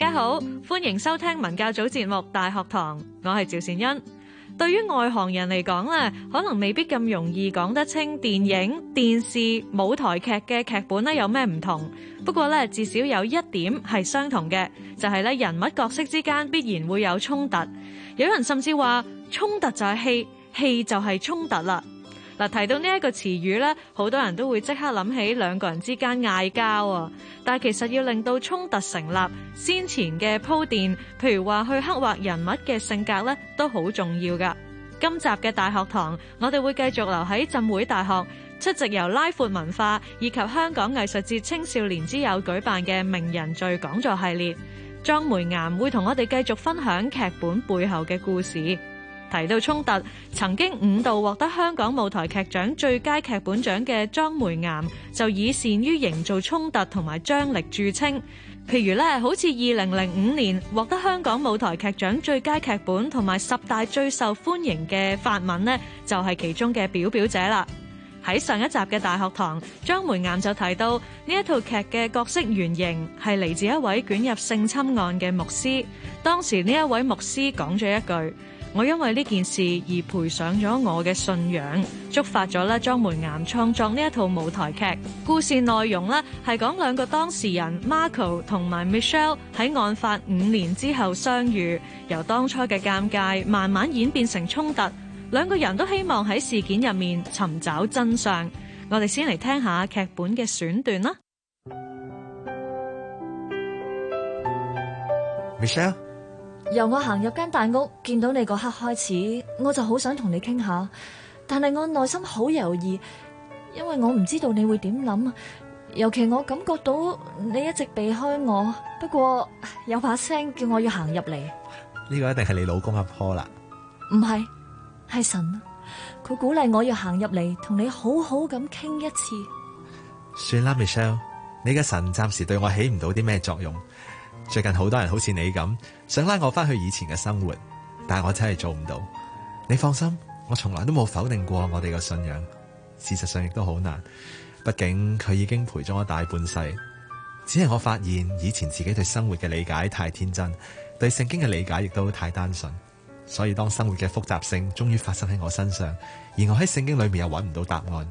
大家好，歡迎收聽文教組節目《大學堂》，我係趙善恩。對於外行人嚟講咧，可能未必咁容易講得清電影、電視、舞台劇嘅劇本咧有咩唔同。不過咧，至少有一點係相同嘅，就係咧，人物角色之間必然會有衝突。有人甚至話衝突就係戲，戲就係衝突啦。嗱，提到呢一個詞語咧，好多人都會即刻諗起兩個人之間嗌交啊！但係其實要令到衝突成立，先前嘅鋪墊，譬如話去刻畫人物嘅性格咧，都好重要噶。今集嘅大學堂，我哋會繼續留喺浸會大學出席由拉闊文化以及香港藝術節青少年之友舉辦嘅名人聚講座系列，莊梅岩會同我哋繼續分享劇本背後嘅故事。提到衝突，曾經五度獲得香港舞台劇獎最佳劇本獎嘅莊梅岩就以擅於營造衝突同埋張力著稱。譬如咧，好似二零零五年獲得香港舞台劇獎最佳劇本同埋十大最受歡迎嘅法吻呢，就係、是、其中嘅表表者啦。喺上一集嘅大學堂，莊梅岩就提到呢一套劇嘅角色原型係嚟自一位捲入性侵案嘅牧師。當時呢一位牧師講咗一句。我因為呢件事而賠上咗我嘅信仰，觸發咗咧莊梅岩創作呢一套舞台劇。故事內容呢係講兩個當事人 Marco 同埋 Michelle 喺案發五年之後相遇，由當初嘅尷尬慢慢演變成衝突。兩個人都希望喺事件入面尋找真相。我哋先嚟聽下劇本嘅選段啦。Michelle。由我行入間大屋見到你嗰刻開始，我就好想同你傾下，但係我內心好猶豫，因為我唔知道你會點諗。尤其我感覺到你一直避開我，不過有把聲叫我要行入嚟。呢個一定係你老公阿 Paul 啦，唔係，係神，佢鼓勵我要行入嚟同你好好咁傾一次。算啦，Michelle，你嘅神暫時對我起唔到啲咩作用。最近好多人好似你咁。想拉我翻去以前嘅生活，但係我真係做唔到。你放心，我從來都冇否定過我哋嘅信仰。事實上亦都好難，畢竟佢已經陪咗我大半世。只係我發現以前自己對生活嘅理解太天真，對聖經嘅理解亦都太單純。所以當生活嘅複雜性終於發生喺我身上，而我喺聖經裏面又揾唔到答案，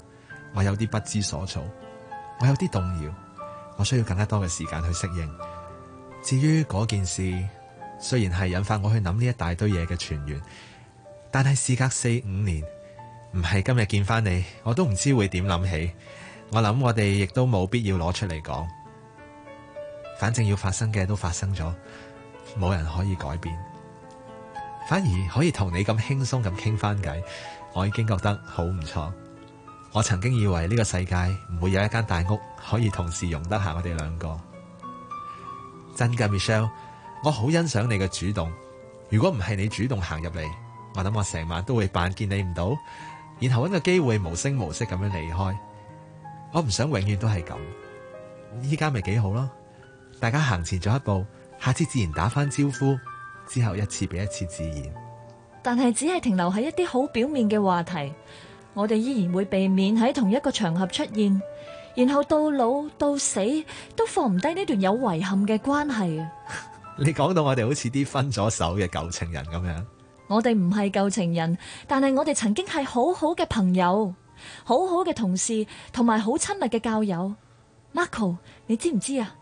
我有啲不知所措，我有啲動搖，我需要更加多嘅時間去適應。至於嗰件事，雖然係引發我去諗呢一大堆嘢嘅泉源，但係事隔四五年，唔係今日見翻你，我都唔知會點諗起。我諗我哋亦都冇必要攞出嚟講，反正要發生嘅都發生咗，冇人可以改變。反而可以同你咁輕鬆咁傾翻偈。我已經覺得好唔錯。我曾經以為呢個世界唔會有一間大屋可以同時容得下我哋兩個。真嘅，Michelle。我好欣賞你嘅主動。如果唔係你主動行入嚟，我諗我成晚都會扮見你唔到，然後搵個機會無聲無息咁樣離開。我唔想永遠都係咁，依家咪幾好咯？大家行前咗一步，下次自然打返招呼，之後一次比一次自然。但係只係停留喺一啲好表面嘅話題，我哋依然會避免喺同一個場合出現，然後到老到死都放唔低呢段有遺憾嘅關係 你講到我哋好似啲分咗手嘅舊情人咁樣，我哋唔係舊情人，但係我哋曾經係好好嘅朋友，好好嘅同事，同埋好親密嘅教友。Marco，你知唔知啊？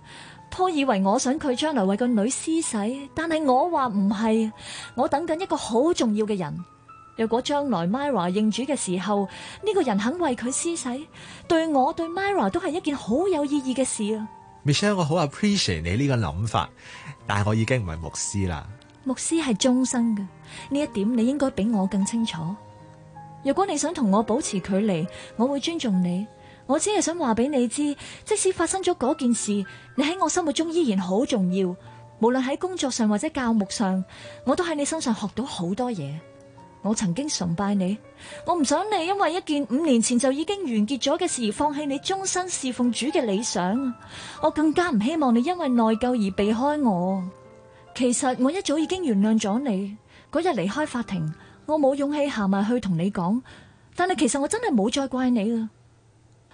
頗以為我想佢將來為個女施洗，但係我話唔係，我等緊一個好重要嘅人。若果將來 Myra 認主嘅時候，呢個人肯為佢施洗，對我對 Myra 都係一件好有意義嘅事啊！Michelle，我好 appreciate 你呢個諗法，但係我已經唔係牧師啦。牧師係終身嘅，呢一點你應該比我更清楚。如果你想同我保持距離，我會尊重你。我只係想話俾你知，即使發生咗嗰件事，你喺我心目中依然好重要。無論喺工作上或者教牧上，我都喺你身上學到好多嘢。我曾經崇拜你，我唔想你因為一件五年前就已經完結咗嘅事而放棄你終身侍奉主嘅理想。我更加唔希望你因為內疚而避開我。其實我一早已經原諒咗你。嗰日離開法庭，我冇勇氣行埋去同你講，但係其實我真係冇再怪你喇！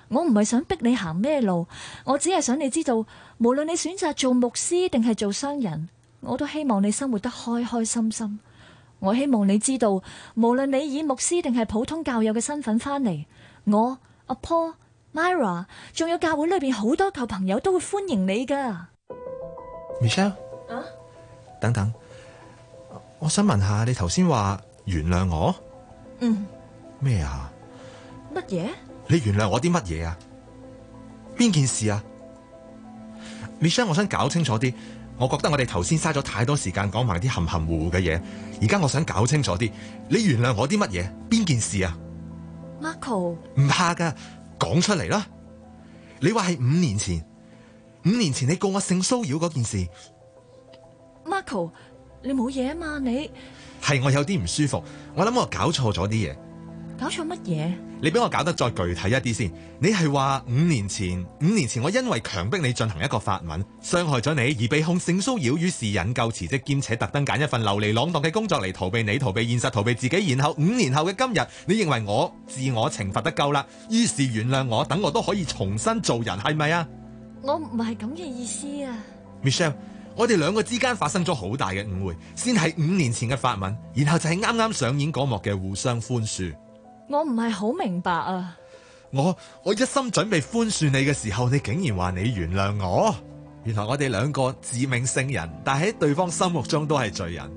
我唔係想逼你行咩路，我只係想你知道，無論你選擇做牧師定係做商人，我都希望你生活得開開心心。我希望你知道，無論你以牧師定係普通教友嘅身份翻嚟，我阿 Paul、Myra，仲有教會裏邊好多舊朋友都會歡迎你噶。Michelle 啊，等等，我想問下你頭先話原諒我，嗯，咩啊麼？乜嘢麼？你原諒我啲乜嘢啊？邊件事啊 ？Michelle，我想搞清楚啲。我覺得我哋頭先嘥咗太多時間講埋啲含含糊糊嘅嘢，而家我想搞清楚啲。你原諒我啲乜嘢？邊件事啊？Marco 唔怕㗎，講出嚟啦。你話係五年前，五年前你告我性騷擾嗰件事。Marco，你冇嘢啊嘛？你？係我有啲唔舒服，我諗我搞錯咗啲嘢。搞錯乜嘢？你俾我搞得再具體一啲先。你係話五年前，五年前我因為強迫你進行一個法文，傷害咗你，而被控性騷擾於是引咎辭職，兼且特登揀一份流離浪蕩嘅工作嚟逃避你，逃避現實，逃避自己。然後五年後嘅今日，你認為我自我懲罰得夠啦，於是原諒我，等我都可以重新做人，係咪啊？我唔係咁嘅意思啊，Michelle。我哋兩個之間發生咗好大嘅誤會，先係五年前嘅法文，然後就係啱啱上演嗰幕嘅互相寬恕。我唔係好明白啊！我我一心準備寬恕你嘅時候，你竟然話你原諒我。原來我哋兩個自命聖人，但喺對方心目中都係罪人。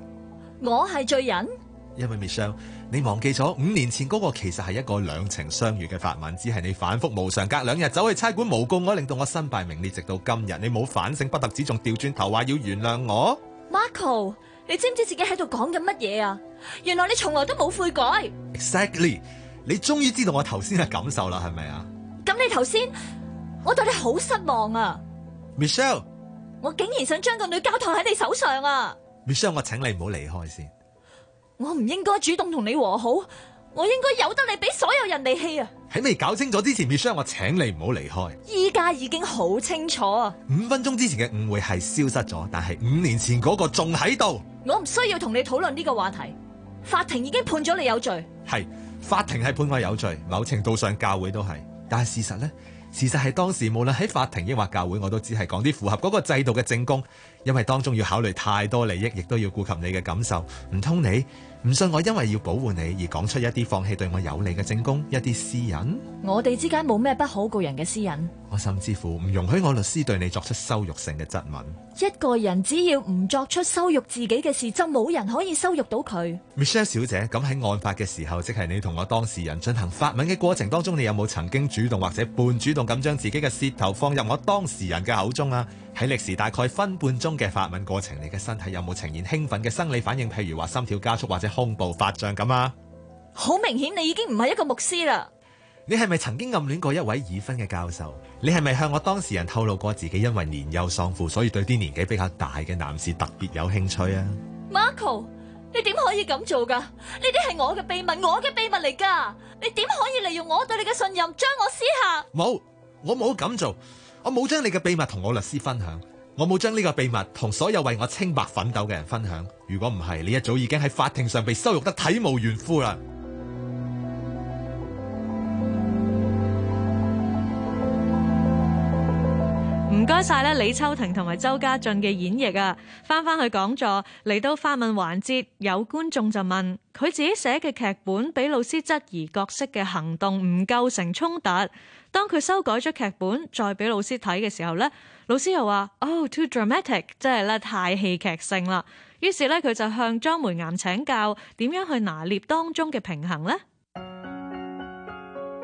我係罪人，因為 Michelle，你忘記咗五年前嗰個其實係一個兩情相悦嘅法文，只係你反覆無常，隔兩日走去差館誣告我，令到我身敗名裂。直到今日，你冇反省，不特止仲調轉頭話要原諒我。Marco，你知唔知自己喺度講緊乜嘢啊？原來你從來都冇悔改。Exactly。你終於知道我頭先嘅感受啦，係咪啊？咁你頭先，我對你好失望啊，Michelle。我竟然想將個女交託喺你手上啊，Michelle。我請你唔好離開先。我唔應該主動同你和好，我應該由得你俾所有人哋棄啊。喺未搞清楚之前，Michelle，我請你唔好離開。依家已經好清楚啊。五分鐘之前嘅誤會係消失咗，但係五年前嗰個仲喺度。我唔需要同你討論呢個話題。法庭已經判咗你有罪。係。法庭係判我有罪，某程度上教會都係，但係事實呢？事實係當時無論喺法庭抑或教會，我都只係講啲符合嗰個制度嘅證供。因為當中要考慮太多利益，亦都要顧及你嘅感受，唔通你唔信我？因為要保護你而講出一啲放棄對我有利嘅證供，一啲私隱。我哋之間冇咩不可告人嘅私隱。我甚至乎唔容許我律師對你作出羞辱性嘅質問。一個人只要唔作出羞辱自己嘅事，就冇人可以羞辱到佢。Michelle 小姐，咁喺案發嘅時候，即係你同我當事人進行發問嘅過程當中，你有冇曾經主動或者半主動咁將自己嘅舌頭放入我當事人嘅口中啊？喺歷時大概分半鐘嘅發問過程，你嘅身體有冇呈現興奮嘅生理反應？譬如話心跳加速或者胸部發脹咁啊？好明顯，你已經唔係一個牧師啦。你係咪曾經暗戀過一位已婚嘅教授？你係咪向我當事人透露過自己因為年幼喪父，所以對啲年紀比較大嘅男士特別有興趣啊？Marco，你點可以咁做噶？呢啲係我嘅秘密，我嘅秘密嚟噶。你點可以利用我對你嘅信任，將我私下？冇，我冇咁做。我冇將你嘅秘密同我律師分享，我冇將呢個秘密同所有為我清白奮鬥嘅人分享。如果唔係，你一早已經喺法庭上被羞辱得體無完膚啦。唔該晒咧，李秋婷同埋周家俊嘅演繹啊！返返去講座嚟到發問環節，有觀眾就問佢自己寫嘅劇本俾老師質疑，角色嘅行動唔構成衝突。當佢修改咗劇本再俾老師睇嘅時候咧，老師又話：哦、oh，too dramatic，真係咧太戲劇性啦。於是咧佢就向莊梅岩請教點樣去拿捏當中嘅平衡咧？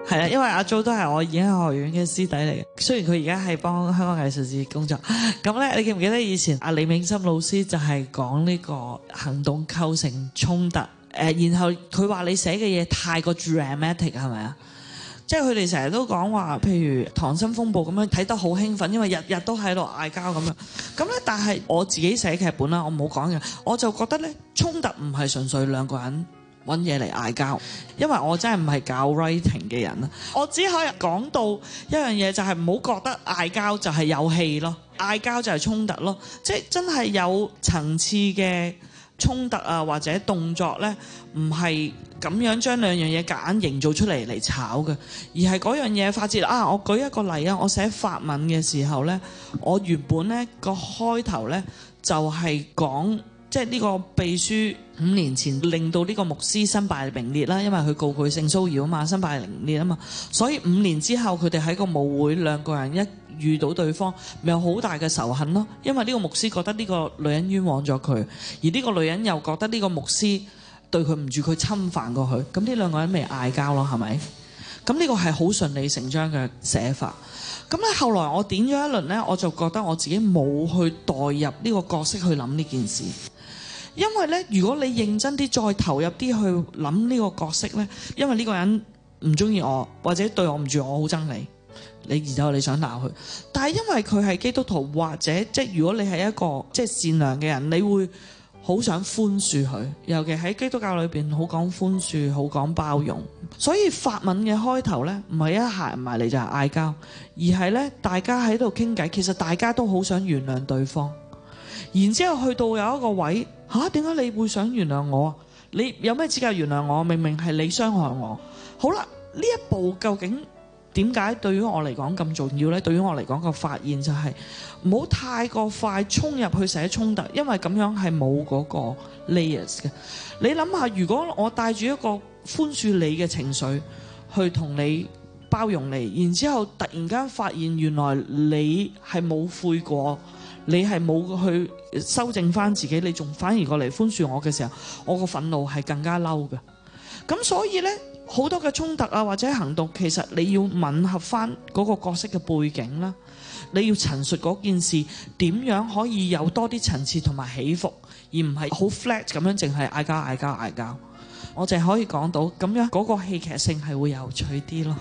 係啊，因為阿鄒都係我演藝學院嘅師弟嚟，嘅。雖然佢而家係幫香港藝術節工作。咁咧，你記唔記得以前阿李銘心老師就係講呢個行動構成衝突，誒、呃，然後佢話你寫嘅嘢太過 dramatic，係咪啊？即係佢哋成日都講話，譬如《溏心風暴》咁樣睇得好興奮，因為日日都喺度嗌交咁樣咁咧。但係我自己寫劇本啦，我冇講嘅，我就覺得咧衝突唔係純粹兩個人揾嘢嚟嗌交，因為我真係唔係搞 writing 嘅人啊。我只可以講到一樣嘢，就係唔好覺得嗌交就係有戲咯，嗌交就係衝突咯，即係真係有層次嘅。衝突啊，或者動作咧，唔係咁樣將兩樣嘢夾硬營造出嚟嚟炒嘅，而係嗰樣嘢發洩。啊，我舉一個例啊，我寫法文嘅時候咧，我原本咧個開頭咧就係講，即係呢個秘書五年前令到呢個牧師身敗名裂啦，因為佢告佢性騷擾啊嘛，身敗名裂啊嘛，所以五年之後佢哋喺個舞會兩個人一遇到對方咪有好大嘅仇恨咯，因為呢個牧師覺得呢個女人冤枉咗佢，而呢個女人又覺得呢個牧師對佢唔住，佢侵犯過佢，咁呢兩個人咪嗌交咯，係咪？咁呢個係好順理成章嘅寫法。咁咧後來我點咗一輪呢，我就覺得我自己冇去代入呢個角色去諗呢件事，因為呢，如果你認真啲再投入啲去諗呢個角色呢，因為呢個人唔中意我或者對我唔住，我好憎你。你然之後你想鬧佢，但係因為佢係基督徒，或者即係如果你係一個即係善良嘅人，你會好想寬恕佢。尤其喺基督教裏邊，好講寬恕，好講包容。所以法文嘅開頭呢，唔係一行埋嚟就係嗌交，而係呢，大家喺度傾偈。其實大家都好想原諒對方。然之後去到有一個位，吓點解你會想原諒我啊？你有咩資格原諒我？明明係你傷害我。好啦，呢一步究竟？點解對於我嚟講咁重要呢？對於我嚟講個發現就係唔好太過快衝入去寫衝突，因為咁樣係冇嗰個 layers 嘅。你諗下，如果我帶住一個寬恕你嘅情緒去同你包容你，然之後突然間發現原來你係冇悔過，你係冇去修正返自己，你仲反而過嚟寬恕我嘅時候，我個憤怒係更加嬲嘅。咁所以呢。好多嘅衝突啊，或者行動，其實你要吻合翻嗰個角色嘅背景啦。你要陳述嗰件事點樣可以有多啲層次同埋起伏，而唔係好 flat 咁樣，淨係嗌交嗌交嗌交。我淨係可以講到咁樣，嗰個戲劇性係會有趣啲咯。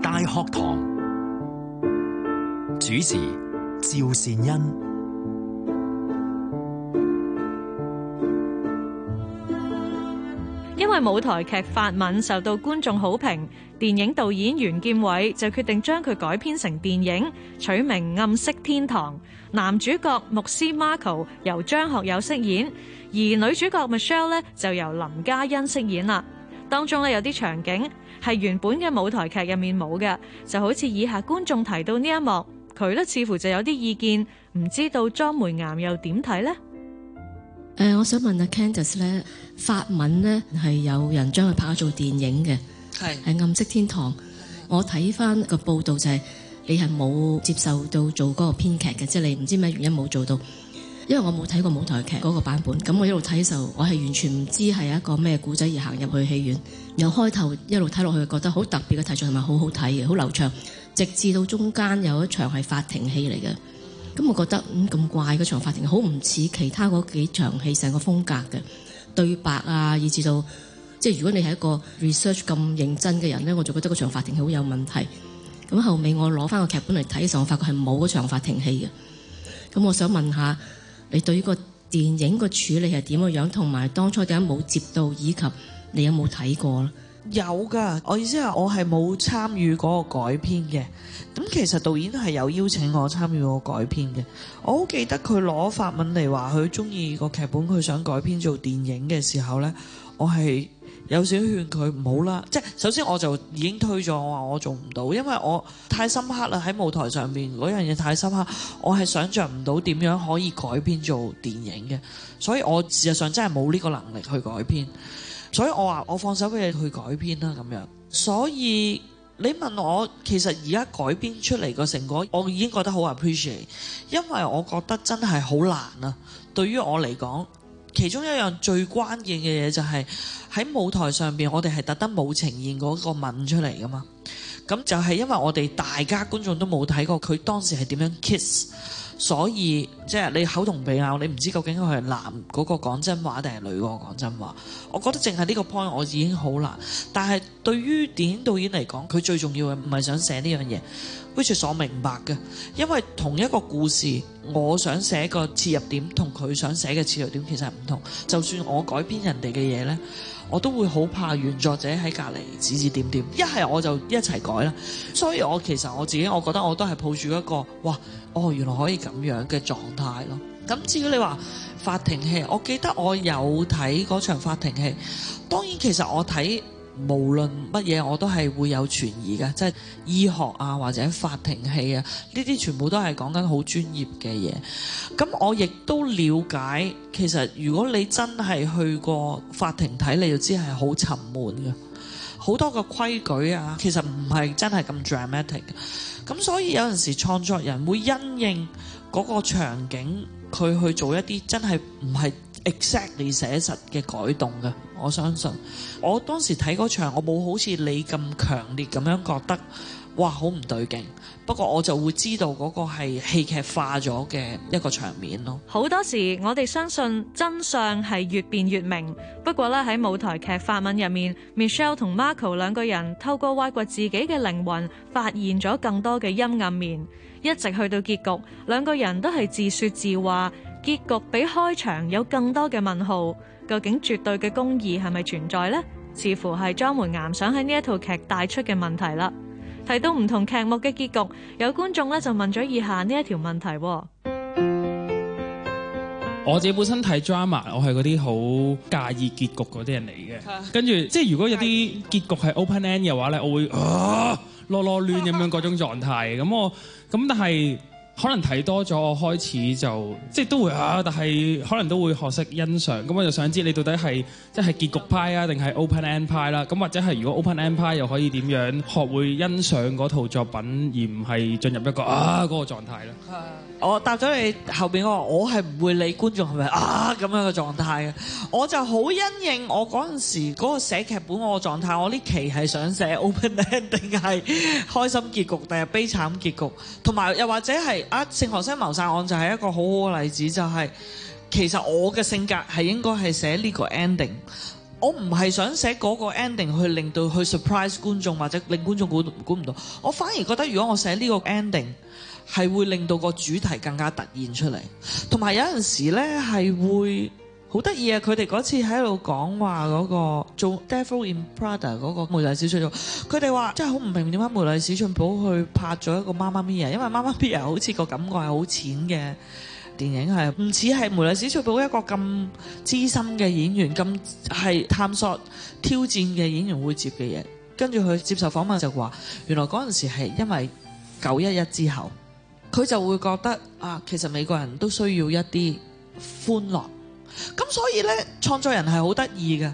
大學堂主持趙善恩。舞台劇《法吻》受到觀眾好評，電影導演袁劍偉就決定將佢改編成電影，取名《暗色天堂》。男主角牧師 Marco 由張學友飾演，而女主角 Michelle 呢就由林嘉欣飾演啦。當中呢有啲場景係原本嘅舞台劇入面冇嘅，就好似以下觀眾提到呢一幕，佢呢似乎就有啲意見，唔知道莊梅岩又點睇呢？誒、呃，我想問阿 Candice 咧，法文咧係有人將佢拍咗做電影嘅，係係是《暗色天堂》。我睇翻個報道就係、是、你係冇接受到做嗰個編劇嘅，即係你唔知咩原因冇做到。因為我冇睇過舞台劇嗰個版本，咁我一路睇時候，我係完全唔知係一個咩古仔而行入去戲院。由開頭一路睇落去，覺得好特別嘅題材同埋好好睇嘅，好流暢，直至到中間有一場係法庭戲嚟嘅。咁我覺得咁咁、嗯、怪嘅場法庭戲好唔似其他嗰幾場戲成個風格嘅對白啊，以至到即如果你係一個 research 咁認真嘅人咧，我就覺得個場法庭戲好有問題。咁後尾我攞翻個劇本嚟睇嘅時候，我發覺係冇嗰場法庭戲嘅。咁我想問一下你對呢個電影個處理係點嘅樣，同埋當初點解冇接到，以及你有冇睇過咧？有噶，我意思係我係冇參與嗰個改編嘅。咁其實導演係有邀請我參與個改編嘅。我好記得佢攞法文嚟話，佢中意個劇本，佢想改編做電影嘅時候呢，我係有少少勸佢唔好啦。即係首先我就已經推咗，我話我做唔到，因為我太深刻啦，喺舞台上面嗰樣嘢太深刻，我係想象唔到點樣可以改編做電影嘅。所以我事實上真係冇呢個能力去改編。所以我話我放手俾你去改編啦咁樣，所以你問我其實而家改編出嚟個成果，我已經覺得好 appreciate，因為我覺得真係好難啊。對於我嚟講，其中一樣最關鍵嘅嘢就係喺舞台上邊，我哋係特登冇呈現嗰個吻出嚟㗎嘛。咁就係因為我哋大家觀眾都冇睇過佢當時係點樣 kiss，所以即係、就是、你口同鼻拗，你唔知究竟佢係男嗰個講真話定係女喎講真話。我覺得淨係呢個 point，我已經好難。但係對於電影導演嚟講，佢最重要嘅唔係想寫呢樣嘢，which 我明白嘅。因為同一個故事，我想寫個切入點同佢想寫嘅切入點其實係唔同。就算我改編人哋嘅嘢呢。我都會好怕原作者喺隔離指指點點，一係我就一齊改啦。所以我其實我自己，我覺得我都係抱住一個，哇，哦原來可以咁樣嘅狀態咯。咁至於你話法庭戲，我記得我有睇嗰場法庭戲，當然其實我睇。無論乜嘢我都係會有存疑嘅，即係醫學啊，或者法庭戲啊，呢啲全部都係講緊好專業嘅嘢。咁我亦都了解，其實如果你真係去過法庭睇，你就知係好沉悶嘅，好多個規矩啊，其實唔係真係咁 dramatic。咁所以有陣時創作人會因應嗰個場景，佢去做一啲真係唔係 exactly 寫實嘅改動嘅，我相信。我當時睇嗰場，我冇好似你咁強烈咁樣覺得，哇，好唔對勁。不過我就會知道嗰個係戲劇化咗嘅一個場面咯。好多時我哋相信真相係越變越明，不過咧，喺舞台劇法吻入面，Michelle 同 Marco 兩個人透過挖掘自己嘅靈魂，發現咗更多嘅陰暗面，一直去到結局，兩個人都係自説自話。結局比開場有更多嘅問號，究竟絕對嘅公義係咪存在呢？似乎係莊梅岩想喺呢一套劇帶出嘅問題啦。提到唔同劇目嘅結局，有觀眾咧就問咗以下呢一條問題：我自己本身睇 drama，我係嗰啲好介意結局嗰啲人嚟嘅，跟住 即係如果有啲結局係 open end 嘅話咧，我會啊落落亂咁樣嗰種狀態。咁 我咁但係。可能睇多咗，我開始就即係都會啊，但係可能都會學識欣賞。咁我就想知你到底係即係結局派啊，定係 open end 派啦？咁或者係如果 open end 派又可以點樣學會欣賞嗰套作品，而唔係進入一個啊嗰個狀態咧的？我答咗你後邊嗰，我話，我係唔會理會觀眾係咪啊咁樣嘅狀態嘅。我就好因應我嗰陣時嗰個寫劇本我嘅狀態。我呢期係想寫 open end 定係開心結局定係悲慘結局，同埋又或者係。啊！聖荷西謀殺案就係一個好好嘅例子，就係、是、其實我嘅性格係應該係寫呢個 ending，我唔係想寫嗰個 ending 去令到去 surprise 觀眾或者令觀眾估估唔到，我反而覺得如果我寫呢個 ending 係會令到個主題更加突現出嚟，同埋有陣時呢係會。好得意啊！佢哋嗰次喺度講話嗰個做 De、嗰個《Devil in Prada》嗰個梅麗史翠祖，佢哋話真係好唔明點解梅麗史翠寶去拍咗一個媽媽咪啊？因為媽媽咪啊好似個感覺係好淺嘅電影，係唔似係梅麗史翠寶一個咁資深嘅演員咁係探索挑戰嘅演員會接嘅嘢。跟住佢接受訪問就話原來嗰陣時係因為九一一之後，佢就會覺得啊，其實美國人都需要一啲歡樂。咁所以咧，創作人係好得意嘅，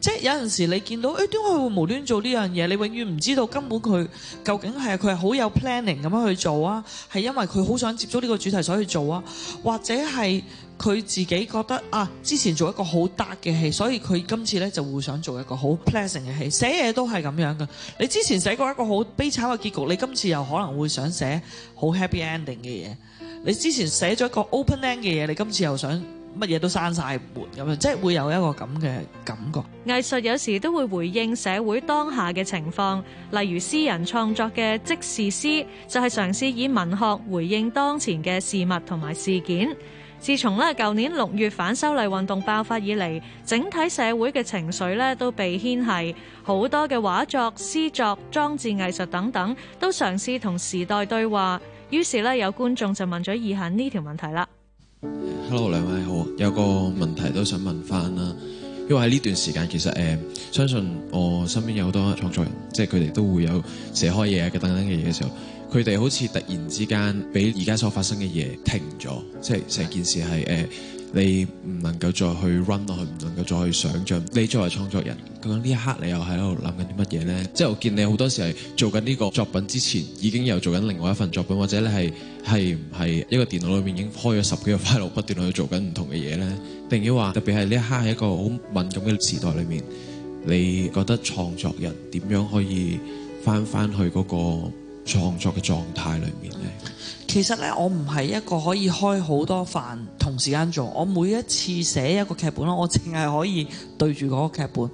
即係有陣時你見到誒，點解會無端做呢樣嘢？你永遠唔知道根本佢究竟係佢係好有 planning 咁樣去做啊，係因為佢好想接觸呢個主題所以去做啊，或者係佢自己覺得啊，之前做一個好得嘅戲，所以佢今次咧就會想做一個好 pleasant 嘅戲。寫嘢都係咁樣噶，你之前寫過一個好悲慘嘅結局，你今次又可能會想寫好 happy ending 嘅嘢。你之前寫咗一個 open end 嘅嘢，你今次又想。乜嘢都閂晒門咁樣，即係會有一個咁嘅感覺。藝術有時都會回應社會當下嘅情況，例如私人創作嘅即時詩就係嘗試以文學回應當前嘅事物同埋事件。自從咧舊年六月反修例運動爆發以嚟，整體社會嘅情緒咧都被牽繫，好多嘅畫作、詩作、裝置藝術等等都嘗試同時代對話。於是咧，有觀眾就問咗以下呢條問題啦。Hello，兩位。有個問題都想問翻啦，因為喺呢段時間，其實誒、呃，相信我身邊有好多創作人，即係佢哋都會有寫開嘢嘅等等嘅嘢嘅時候，佢哋好似突然之間俾而家所發生嘅嘢停咗，即係成件事係誒。呃你唔能夠再去 run 落去，唔能夠再去想像。你作為創作人，究竟呢一刻你又喺度諗緊啲乜嘢呢？即係我見你好多時係做緊呢個作品之前，已經又做緊另外一份作品，或者你係係唔係一個電腦裏面已經開咗十幾個 file，不斷去做緊唔同嘅嘢呢？定抑或特別係呢一刻係一個好敏感嘅時代裏面，你覺得創作人點樣可以返返去嗰個創作嘅狀態裏面呢？其實咧，我唔係一個可以開好多飯同時間做。我每一次寫一個劇本，我淨係可以對住嗰個劇本。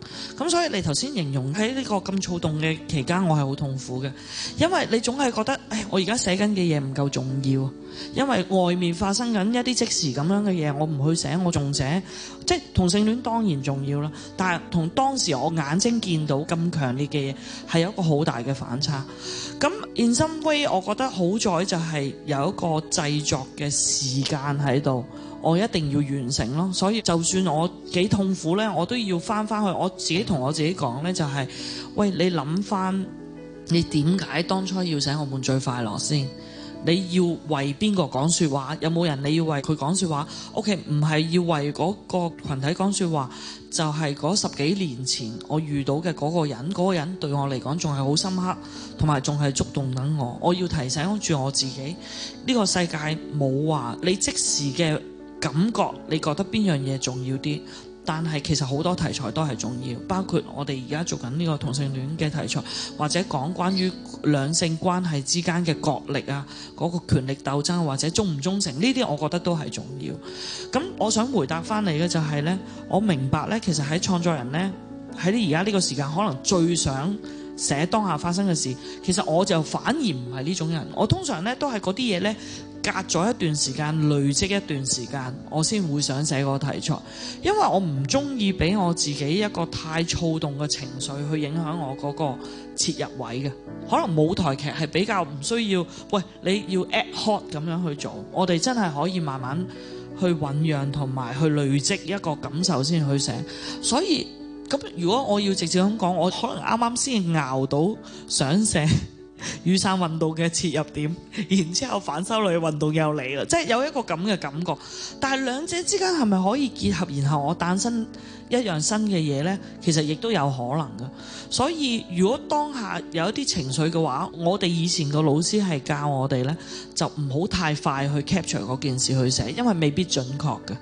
咁所以你頭先形容喺呢個咁躁動嘅期間，我係好痛苦嘅，因為你總係覺得，誒，我而家寫緊嘅嘢唔夠重要，因為外面發生緊一啲即時咁樣嘅嘢，我唔去寫，我仲寫。即同性戀當然重要啦，但係同當時我眼睛見到咁強烈嘅嘢，係有一個好大嘅反差。咁 In some way，我覺得好在就係。有一個製作嘅時間喺度，我一定要完成咯。所以就算我幾痛苦呢，我都要翻翻去。我自己同我自己講呢、就是，就係喂，你諗翻你點解當初要寫我們最快樂先？你要為邊個講説話？有冇人你要為佢講説話？OK，唔係要為嗰個羣體講説話，就係嗰十幾年前我遇到嘅嗰個人，嗰個人對我嚟講仲係好深刻，同埋仲係觸動緊我。我要提醒住我自己，呢個世界冇話你即時嘅感覺，你覺得邊樣嘢重要啲？但係其實好多題材都係重要，包括我哋而家做緊呢個同性戀嘅題材，或者講關於兩性關係之間嘅角力啊，嗰個權力鬥爭或者忠唔忠誠呢啲，我覺得都係重要。咁我想回答翻嚟嘅就係呢：我明白呢，其實喺創作人呢，喺你而家呢個時間可能最想寫當下發生嘅事。其實我就反而唔係呢種人，我通常呢，都係嗰啲嘢呢。隔咗一段時間，累積一段時間，我先會想寫個題材，因為我唔中意俾我自己一個太躁動嘅情緒去影響我嗰個切入位嘅。可能舞台劇係比較唔需要，喂，你要 at hot 咁樣去做，我哋真係可以慢慢去醞釀同埋去累積一個感受先去寫。所以咁，如果我要直接咁講，我可能啱啱先熬到想寫。雨傘運動嘅切入點，然之後反修例運動又嚟啦，即係有一個咁嘅感覺。但係兩者之間係咪可以結合，然後我誕生一樣新嘅嘢呢？其實亦都有可能㗎。所以如果當下有一啲情緒嘅話，我哋以前個老師係教我哋呢，就唔好太快去 capture 嗰件事去寫，因為未必準確嘅。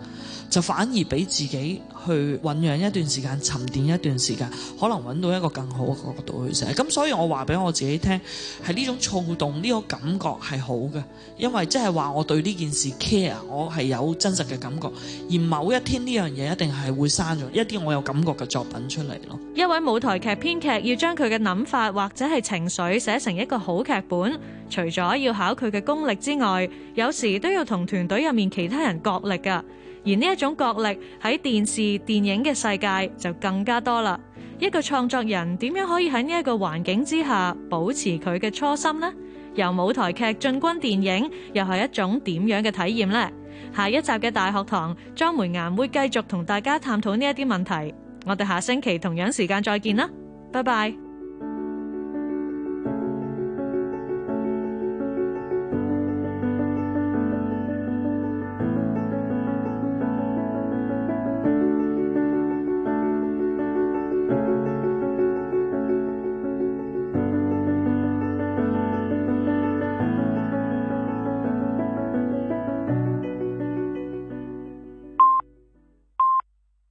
就反而俾自己去醖釀一段時間，沉澱一段時間，可能揾到一個更好嘅角度去寫。咁所以，我話俾我自己聽，係呢種躁動，呢個感覺係好嘅，因為即係話我對呢件事 care，我係有真實嘅感覺。而某一天呢樣嘢一定係會生咗一啲我有感覺嘅作品出嚟咯。一位舞台劇編劇要將佢嘅諗法或者係情緒寫成一個好劇本，除咗要考佢嘅功力之外，有時都要同團隊入面其他人角力㗎。而呢一種角力喺電視電影嘅世界就更加多啦。一個創作人點樣可以喺呢一個環境之下保持佢嘅初心呢？由舞台劇進軍電影又係一種點樣嘅體驗呢？下一集嘅大學堂，莊梅岩會繼續同大家探討呢一啲問題。我哋下星期同樣時間再見啦，拜拜。